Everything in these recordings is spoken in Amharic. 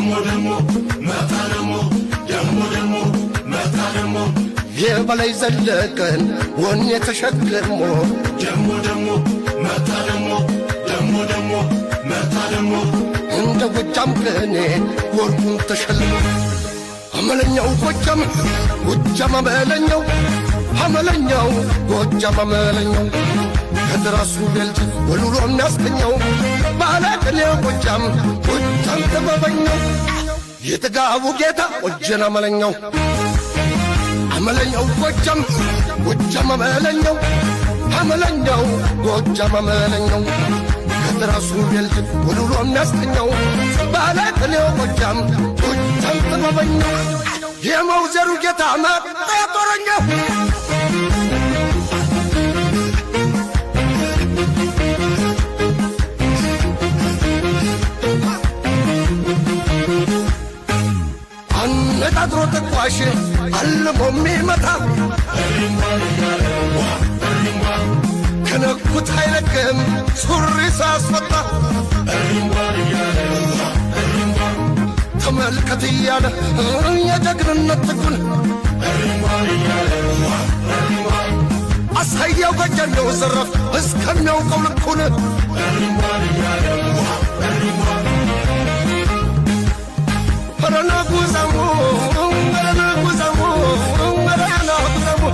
ደሞ ደሞ መታ ደሞ ደሞ ደሞ መታ ደሞ የበላይ ዘለቀን ወኔ ተሸክሞ ደሞ ደሞ መታ ደሞ ደሞ ደሞ መታ ደሞ እንደ ጎጃም ገኔ ወርቁን ተሸልሞ አመለኛው ጎጃም ጎጃም አመለኛው አመለኛው ጎጃም አመለኛው ከራሱ ቤልጅ ወሉሎ የሚያስተኛው ባለቅኔው ጎጃም ጎጃም ጥበበኛው የጥጋቡ ጌታ ወጀን አመለኛው አመለኛው ጎጃም ጎጃም አመለኛው አመለኛው ጎጃም አመለኛው ከራሱ ቤልጅ ወሉሎ የሚያስተኛው ባለቅኔው ጎጃም ጎጃም ጥበበኛው የመውዘሩ ጌታ መጣ ጦረኛው ተስፋሽ አልሞ የሚመጣ ከነኩት አይለቅም ሱሪ ሳስፈታ ተመልከት እያለ የጀግንነት ጥጉን አሳያው ገጀለው ዘረፍ እስከሚያውቀው ልኩን ረና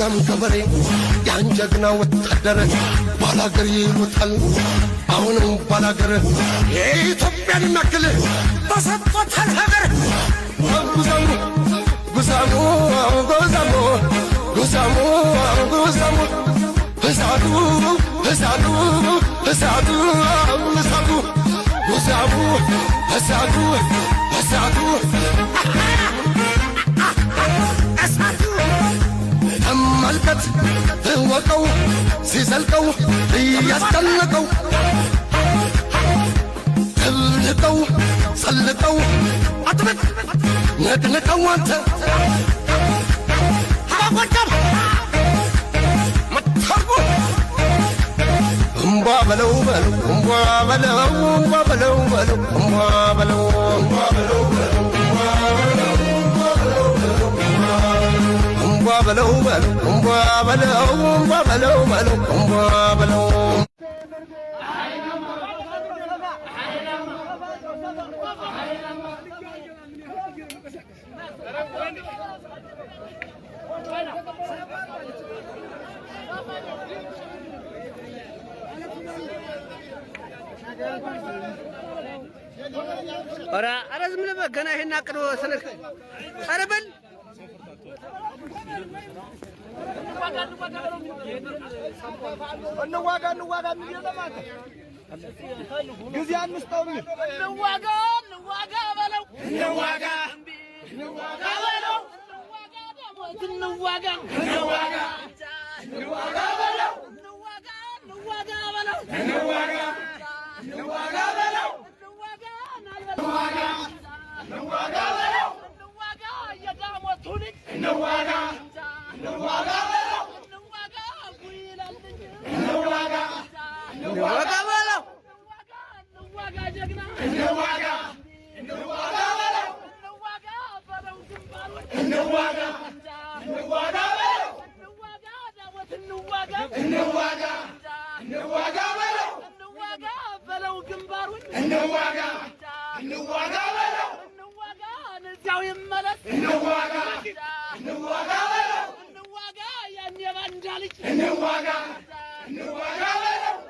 የዛም ገበሬ ያን ጀግና ወታደር ባላገር ይሉታል አሁንም ባላገር የኢትዮጵያን መክል በሰጦታል ሀገር ጉዛሙ ጉዛሙ ጉዛሙ ጉዛሙ ጉዛሙ እሳቱ እሳቱ እሳቱ እሳቱ ጉዛሙ እሳቱ እሳቱ በርቀት ህወቀው ሲዘልቀው እያስጨነቀው ትልቀው ሰልቀው አጥብቅ ነቅንቀው አንተ አላቆጨም መታርጎ እምቧ በለው በለው እምቧ በለው እምቧ በለው በለው እምቧ በለው በለው በሉ እምቧ በለው እምቧ በለው በሉ እምቧ በለው ኧረ ኧረ ዝም ብለህ በል ገና ይሄን አቅዶ ስልክ ኧረ በል እንዋጋ እንዋጋ የሚል ለማታ ጊዜ አንስጠው የሚል እንዋጋ እንዋጋ በለው እንዋጋ እንዋጋ በለው እንዋጋ እንዋጋ በለው እንዋጋ እንዋጋ በለው እንዋጋ እንዋጋ በለው እንዋጋ በለው እዚያው እንዋጋ እንዋጋ እንዋጋ ያን የባንዳ እንዋጋ እንዋጋ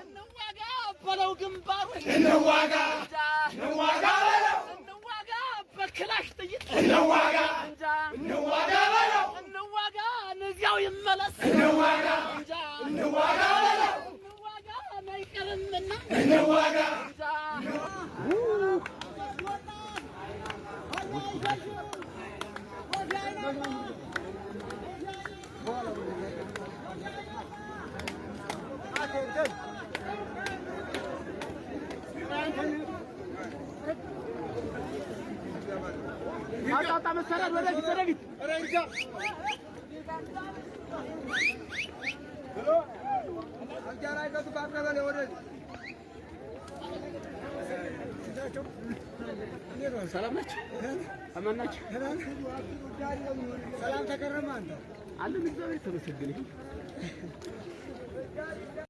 እንዋጋ በለው ግንባሩን እንዋጋ እንዋጋ በለው እንዋጋ በክላሽ ጥይት እንዋጋ እንመለስ፣ እንዋጋ፣ እንዋጋ፣ እንዋጋ፣ አይቀርምና እንዋጋ። አጣጣ መሰረት ወደፊት ወደፊት ሰላም ናቸው። አማን ናቸው። ሰላም ተከረመ። አንተ አለን እግዚአብሔር ተመስገን።